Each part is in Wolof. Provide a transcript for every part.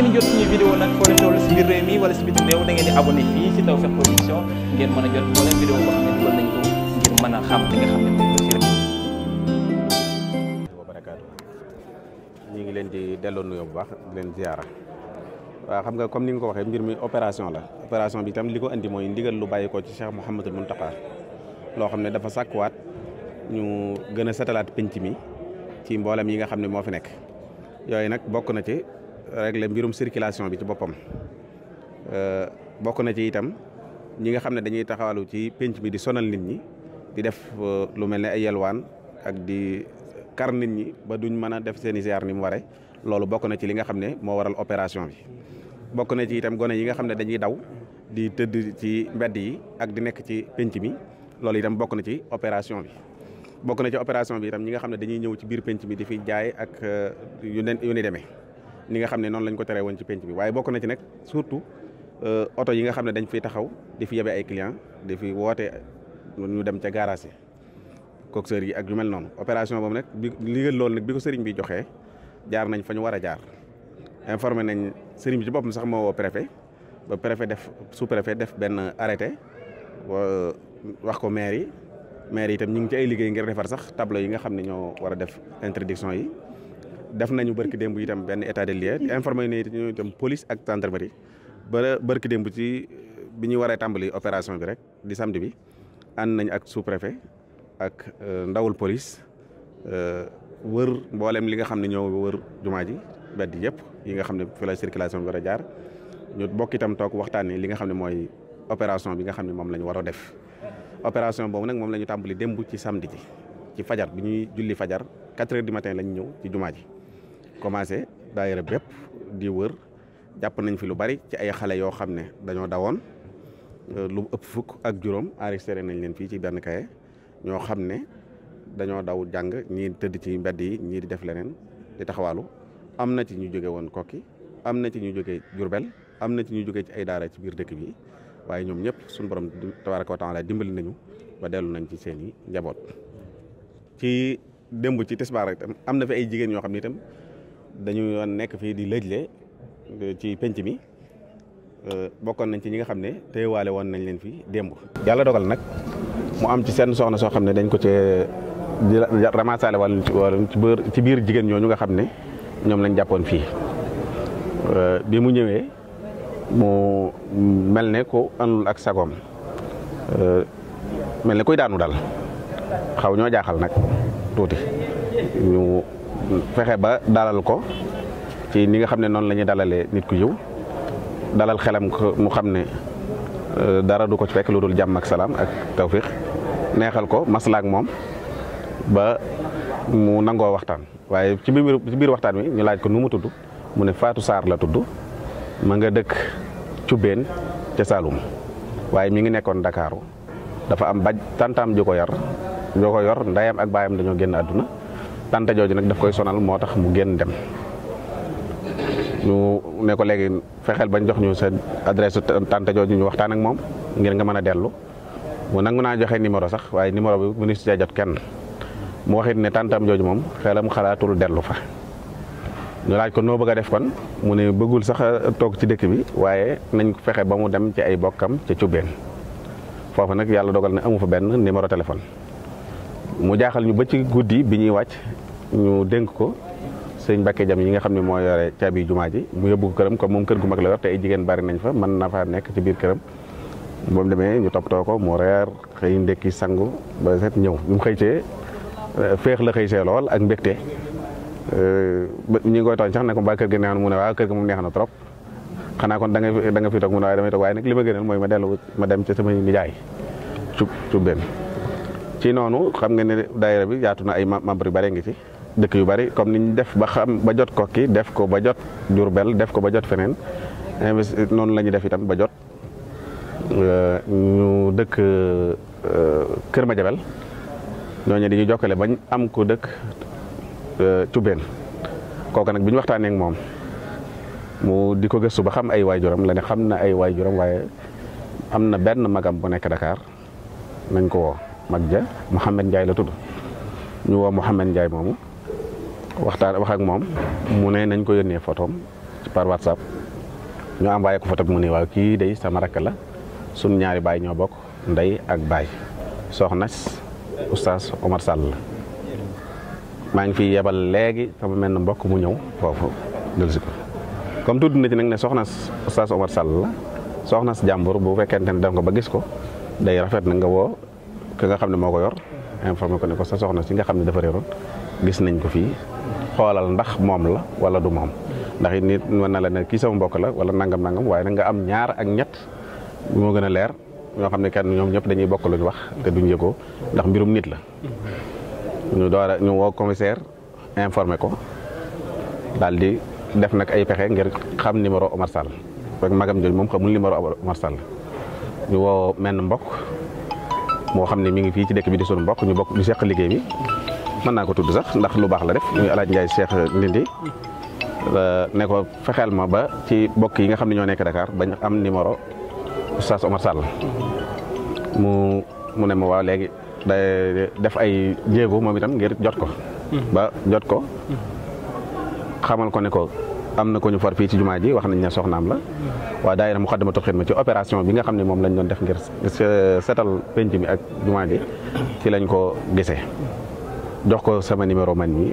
ngeen leen di a jot moo leen a xam ñu ngi leen di delloo nuyoo bu baax leen ziara waaw xam nga comme ni nga ko waxee mbir mi opération la opération bi itam li ko andi mooy ndigal lu bàyyi ko ci Cheikh Mouhamadul Mountakha loo xam ne dafa sàkkuwaat ñu gën a setalaat penc mi ci mboolem yi nga xam ne moo fi nekk yooyu nag bokk na ci regle mbirum circulation bi ci boppam euh, bokk na ci itam ñi nga xam ne dañuy taxawalu ci pénc mi di sonal nit ñi di def euh, lu mel ni ay yelwaan ak di kar nit ñi ba duñ mën a def seen i ziar ni mu waree loolu bokk na ci li nga xam ne moo waral opération bi bokk na ci itam gone yi nga xam ne dañuy daw di tëdd ci mbedd yi ak di nekk ci pénc mi loolu itam bokk na ci opération bi bokk na ci opération bi ñi nga xam ne dañuy ñëw ci biir pénc mi di fi jaay ak euh, yu ne yu ni demee ni nga xam ne noonu lañ ko teree woon ci penc bi waaye bokk na ci nag surtout euh, oto yi nga xam ne dañ fiy taxaw di fi yebe ay client di fi woote ñu dem ca garage yi coxeur yi ak yu mel noonu opération boobu nag bi liggéey loolu nag bi ko sëriñ bi joxee jaar nañ fa ñu war a jaar informé nañ sëriñ bi ci boppam sax moo woo préfet ba préfet def sous préfet def benn arrêté euh, wax ko maire yi maire yi itam ñu ngi ci ay liggéey ngir defar sax tableau yi nga xam ne ñoo war a def interdiction yi def nañu barki démb itam benn état des lieux informé nañu itam police ak gendarmerie ba barki démb ci bi ñu waree tàmbali opération bi rek di samedi bi ànd nañ ak sous préfet ak euh, ndawul police euh, wër mboolem li nga xam ne ñëw wër jumaa ji bedd yëpp yi nga xam ne fi la circulation bi war a jaar ñu bokk itam waxtaan waxtaanee li nga xam ne mooy opération bi nga xam ne moom la ñu war a def opération boobu nag moom la ñu tàmbali démb ci samedi ji ci fajar bi ñuy julli fajar quatre heures du matin lañ ñëw ci jumaa ji commencé daayira bépp di wër jàpp nañ fi lu bari ci ay xale yoo xam ne dañoo dawoon euh, lu ëpp fukk ak juróom enregistré nañ leen fii ci benn kaye ñoo xam ne dañoo daw jàng ñii tëdd ci mbedd ñii di def leneen di taxawaalu am na ci ñu jóge woon kokki am na ci ñu jóge jurbel am na ci ñu jóge ci ay daara ci biir dëkk bi waaye ñoom ñëpp suñu borom tabaraka wa taala dimbali nañu ba dellu nañ ci seen i njaboot ci démb ci tisbaar itam am na fi ay jigéen ñoo xam ne itam dañu nekk fii di lëjle euh, ci penc mi euh, bokkoon nañ ci ñi nga xam ne téyewaale woon nañ leen fii démb. yàlla dogal nag mu am ci seen soxna soo xam ne dañ ko cee di ramassaale wàllum ci wàllum ci biir ci biir jigéen ñooñu nga xam ne ñoom lañ jàppoon fii euh, bii mu ñëwee mu mel ne ko àndul ak sagoom mel ne kuy daanu daal xaw ñoo jaaxal nag tuuti fexe ba dalal ko ci ni nga xam ne noonu lañuy ñuy dalalee nit ku yiw dalal xelam ko mu xam ne euh, dara du ko ci fekk lu dul jàmm ak salaam ak tawfiq neexal ko maslaak moom ba mu nangoo waxtaan waaye ci biir ci biir waxtaan wi ñu laaj ko nu mu tudd mu ne faatu saar la tudd ma nga dëkk Cubbeen ca Saloum waaye mi ngi nekkoon Ndakaaru dafa am baj tantam ju ko yar ju yor ndeyam ak baayam dañoo génn àdduna tànta jooju nag daf koy sonal moo tax mu génn dem ñu ne ko léegi fexeel bañ jox ñu sa adresse tànta jooju ñu waxtaan ak moom ngir nga mën a dellu mu nangu naa joxe numéro sax waaye numéro bi ministre jot kenn mu waxit ne tàntam jooju moom xelam xalaatul dellu fa ñu laaj ko noo bëgg a def kon mu ne bëggul sax toog ci dëkk bi waaye nañ ko fexe ba mu dem ci ay bokkam ca cubbeen foofu nag yàlla dogal na amu fa benn numéro téléphone mu jaaxal ñu ba guddi bi ñuy wàcc ñu dénk ko sëñ Mbacke jam yi nga xam ne mooy yore caabi jumaa ji mu yóbbu ko këram kom moom kër gu mag la yor te ay jigéen bari nañ fa man na faa nekk ci biir këram moom demee ñu toppatoo ko mu reer xëy ndekki sangu ba set ñëw bi mu xëytee euh, féex la xëy see lool ak mbégte euh, ñu ngi koy tooñ ko mbaa gi neex na mu ne waaw kër gi moom neex na trop xana kon da nga da nga fi toog mu ne waaye damay toog li ma gënal mooy ma dellu ma dem ca sama nijaay cub cub benn ci noonu xam nga ne daayira bi yaatu na ay membre yu bare ngi ci dëkk yu bari comme ni def ba xam ba jot kokki def ko ba jot Jurbel def ko ba jot feneen investi noonu la ñuy def itam ba jot euh, ñu dëkk euh, Kër Madiabel ñooñu dañuy jokkale bañ am ko dëkk Cubeen euh, kooku nag bi ñu waxtaanee moom mu di ko gëstu ba xam ay waajuram la ne xam na ay waay waajuram waaye am na benn magam bu nekk Dakar nañ ko mag ja Mouhamed Ndiaye la tudd ñu woo Mouhamed Ndiaye moomu waxtaan wax ak moom mu ne nañ ko yónnee photom par whatsapp ñu envoyé ko photo bi mu ne waaw kii dey sama rakk la sun ñaari baay ñoo bokk ndey ak baay soxnas oustaz Omar Sall la maa ngi fi yebal léegi sama mel na mbokk mu ñëw foofu dellu si ko comme tudd na ne soxnas oustaz Omar Sall la soxnas jàmbur fekkente ne def nga ba gis ko day rafet na nga woo ki nga xam ne moo ko yor informé ko ne ko sa soxna si nga xam ne dafa réeroon gis nañ ko fii xoolal ndax moom la wala du moom ndax it nit mën na la ne kii sama mbokk la wala nangam nangam waaye na nga am ñaar ak ñett moo gën a leer ñoo xam ne kenn ñoom ñëpp dañuy bokk luñ wax te duñ yëgoo ndax mbirum nit la ñu door a ñu woo commissaire informé ko daal di def nag ay pexe ngir xam numéro Omar Sall rek moom xamul numéro Omar Sall ñu mbokk moo xam ne mi ngi fii ci dëkk bi di sunu mbokk ñu bokk ñu seq liggéey bi mën naa ko tudd sax ndax lu baax la def muy alaaj Ndiaye Cheikh Ndindi euh, ne ko fexeel ma ba ci bokk yi nga xam ne ñoo nekk Dakar bañ am numéro Oustaz Omar Sall mu mu ne ma waaw léegi day def ay jéego moom itam ngir jot ko. ba jot ko. xamal ko ne ko am na ko ñu far fii ci jumaa ji wax nañ ne soxnaam la. waa ma Muxaddamatul ma ci opération bi nga xam ne moom lañ doon def ngir setal penc mi ak jumaa ji ci lañ ko gise jox ko sama numéro man mi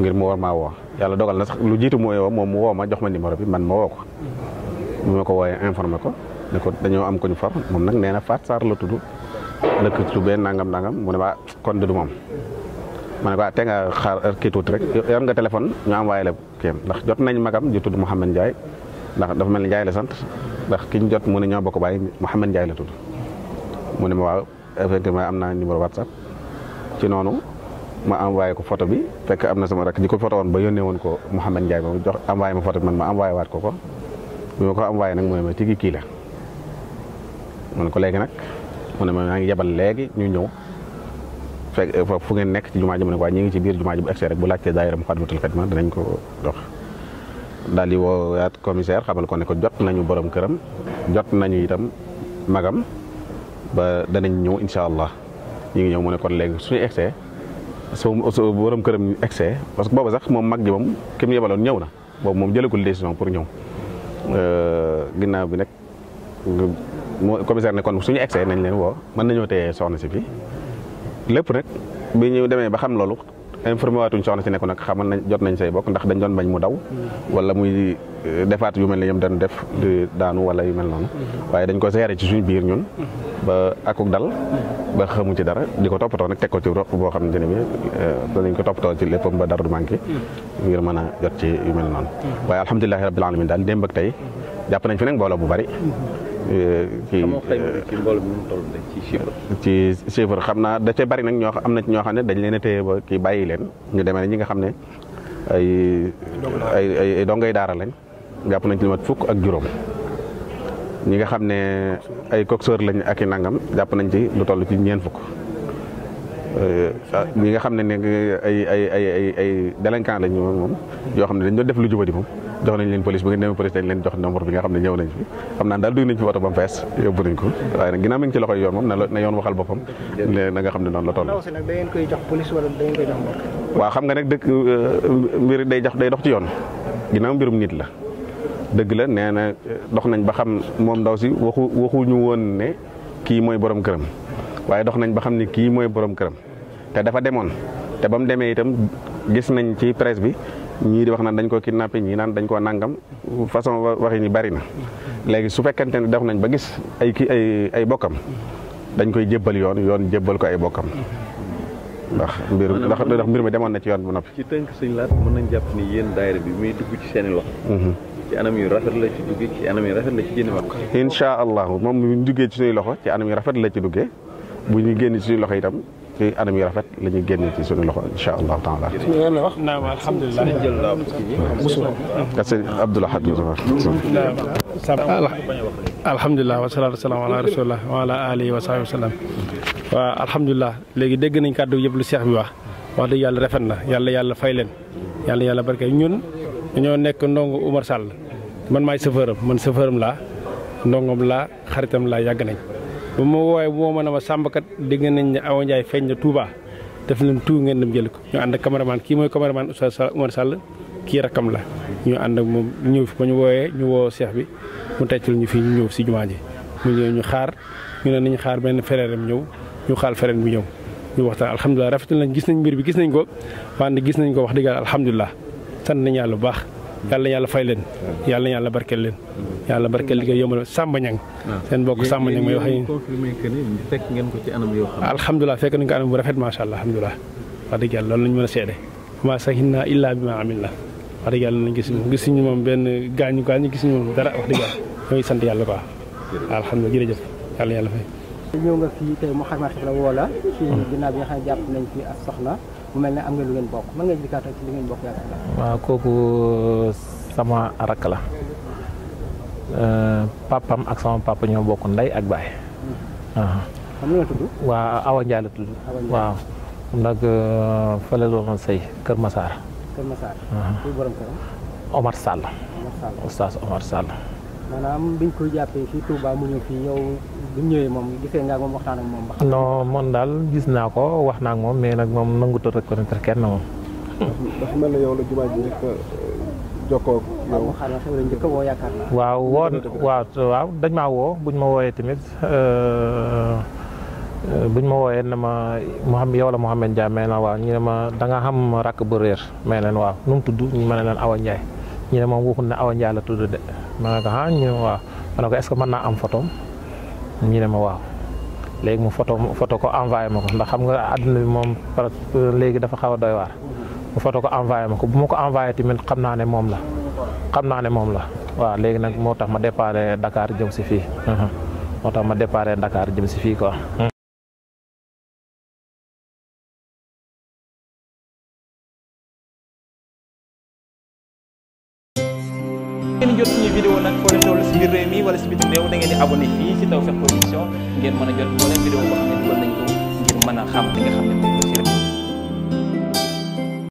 ngir mu war maa woo yàlla dogal na sax lu jiitu mu woo mu woo ma jox ma numéro bi man ma woo ko bi ma ko wooyee informé ko ne ko dañoo am ko ñu far moom nag nee na Faat Sarr la tudd lëkk tubee nangam nangam mu ne ma kon du moom ma ne ko ah te nga tuuti rek yor nga téléphone ñu envoyé la kéem ndax jot nañ magam ji tudd Mouhamed Ndiaye ndax dafa mel ni Ndiaye la sant ndax ki ñu jot mu ne ñoo bokk bàyyi Mouhamed Ndiaye la tudd mu ne ma waaw effectivement am naa numéro WhatsApp ci noonu ma envoyé ko photo bi fekk am na sama rakk ji ko photo woon ba yónnee woon ko Mouhamed Ndiaye moom jox envoyé ma photo bi man ma envoyé ko ko bi ma ko envoyé nag mu ne ma tigi kii la man ko léegi nag mu ma maa ngi yebal léegi ñu ñëw fekk fu ngeen nekk ci jumaa ji mu ne ko waaye ñu ngi ci biir jumaa ji bu egsi rek bu laajtee daayira Moukhaddamatoul Khidma danañ ko dox daal di waat commissaire xamal ko ne ko jot nañu borom këram jot nañu itam magam ba danañ ñëw incha allah ñu ngi ñëw mu ne kon léegi suñu egsee su borom këram egsee parce que boobu sax moom mag ji moom ki mu yebaloon ñëw na boobu moom jëlagul décision pour ñëw euh, ginnaaw bi nag moo commissaire ne kon suñu egsee nañ leen woo mën nañoo téye soxna si fii lépp nag bi ñëw demee ba xam loolu informé waatuñ soxna si nekku nag xamal nañ jot nañ say bokk ndax dañ doon bañ mu daw wala muy eh, defaat yu mel ne yëm dañu def daanu wala yu mel noonu waaye dañ ko seere ci suñ biir ñun ba akook dal ba xamu ci dara di ko toppatoo nag teg ko ci roq boo xam ne bi eh, danañ ko toppatoo ci léppam ba dara du manqué ngir mën a jot ci yu noonu mm. waaye alhamdulilahi rabbil alamin daal démb ak tey jàpp nañ fi nag mbooloo bu bari. Euh, ci ci chiffre xam naa da bari nag ñoo am na ci ñoo xam ne dañ leen a téye ba kii bàyyi leen ñu demee ñi nga xam ne ay. ay dongay daara lañ. jàpp nañ ci lu mat fukk ak juróom ñi nga xam ne ay coxeur lañ ak i nangam jàpp nañ ci lu toll ci ñeen fukk. Euh, ñi nga xam ne ne ay ay ay ay ay délinquant lañ moom yoo xam ne dañ doon def lu jubadi moom. jox nañ leen police bu ngeen demee police dañ leen jox nombre bi nga xam ne ñëw nañ fi xam naa daal duy nañ fi oto ba fees yóbbu nañ ko waaye nag ginnaaw ci loxoy yoon moom na yoon waxal boppam ne na nga xam ne noonu la xam nga nag dëkk euh, mbir day jox day dox ci yoon ginnaaw mbirum nit la dëgg la nee na euh, dox nañ ba xam moom ndaw si waxu waxuñu woon ne kii mooy borom këram waaye dox nañ ba xam ne kii mooy boroom këram te dafa demoon te ba mu demee itam gis nañ ci presse bi ñii di wax naan dañ ko kidnappé ñii naan dañ koo nangam façon waxi ñi bari na léegi su fekkente ne def nañ ba gis ay kii ay ay bokkam dañ koy jébbal yoon yoon jébbal ko ay bokkam ndax mbir ndax ndax mbir mi demoon na ci yoon bu noppi. ci tënk sëñ laat mën nañ jàpp yéen daayira bi muy ci seen i loxo. Mm-hmm. ci anam yu rafet la anam yu rafet la ci génn wax. allah moom bu ñu duggee ci suñuy loxo ci anam yu rafet la ci duggee bu ñu génn ci suñuy loxo itam. ci anam rafet la ñuy génne ci suñu loxo incha allahu taala. wax naam alhamdulilah. wa salaatu wa salaam wa ala waaw alhamdulilah léegi dégg nañ kàddu yëpp lu seex bi wa wax dëgg yàlla rafet na yàlla yàlla fay leen yàlla yàlla barke ñun ñoo nekk ndongo Umar Sall man maay chauffeur am man chauffeur am laa ndongom laa xaritam laa yàgg nañ. ba ma woowee moo ma ne kat sàmbkat dégg nañ ne Awa Ndiaye feeñ na Touba def leen tout ngeen dem jëli ko ñu ànd ak caméraman kii mooy caméraman Oustaz Oumar Sall kii rakkam la ñu ànd ak moom ñëw fi ba ñu woowee ñu woo seex bi mu lu ñu fii ñu ñëw si jumaa ji mu ñëw ñu xaar ñu ne nañu xaar benn fereeram ñëw ñu xaal fereen bu ñëw ñu waxtaan alhamdulilah rafet nañ gis nañ mbir bi gis nañ ko wante gis nañ ko wax dëgg yàlla alhamdulilah sant nañ yàlla bu baax yàlla yàlla fay leen mm-hmm. yàlla yàlla barkeel leen mm-hmm. yàlla barkeel liggéey yombal Samba Niang ah. seen bokk Samba Niang may wax fekk ngeen ko ci anam yoo xam alhamdulilah fekk nañ ko anam bu rafet macha allah alhamdulilah wax dëgg yàlla loolu a la wax dëgg yàlla nañ gis mm-hmm. gis ñu moom benn gaañu gaañu gis moom dara wax dëgg yàlla ñooy sant yàlla quoi alhamdulilah jërëjëf yàlla yàlla nañ fi ak soxna bu mel ne am nga bokk mën nga jëkkaatal kooku sama rakk la euh, papam ak sama papa ñoo bokk ndey ak baay. xam hmm. ah. nga la tudd. waaw Awa Ndiaye euh, la tudd. Kër Massar. Kër Omar Sall. Omar Omar Sall. maanaam bi mu ñëwee moom gisee nga waxtaan ak moom ba. daal gis naa ko wax naa ak moom mais nag moom nanguut a reconnaître kenn moom. dafa mel ne yow la jumaa euh, a waaw woo waaw dañ maa woo buñ ma wooyee tamit euh, euh, buñ ma wooyee na ma Mouhamed yow la Mouhamed Ndiaye na waaw ñu ne ma da nga xam rakk bu réer may tudd ñu Awa Ndiaye ñu ne ma ne Awa Ndiaye la tudd de. ma ne ko ah ñu waaw ma ne ko est am photo ñu ne ma waaw léegi mu photo photo ko envoyé ma ndax xam nga àdduna bi moom par léegi dafa xaw a doy waar mu ko envoyé ma ko bu ma ko envoyé tamit xam naa ne moom la xam naa ne moom la waaw léegi nag moo tax ma déparé Dakar jëm si fii mhm. moo tax ma déparé Dakar jëm si fii quoi mhm.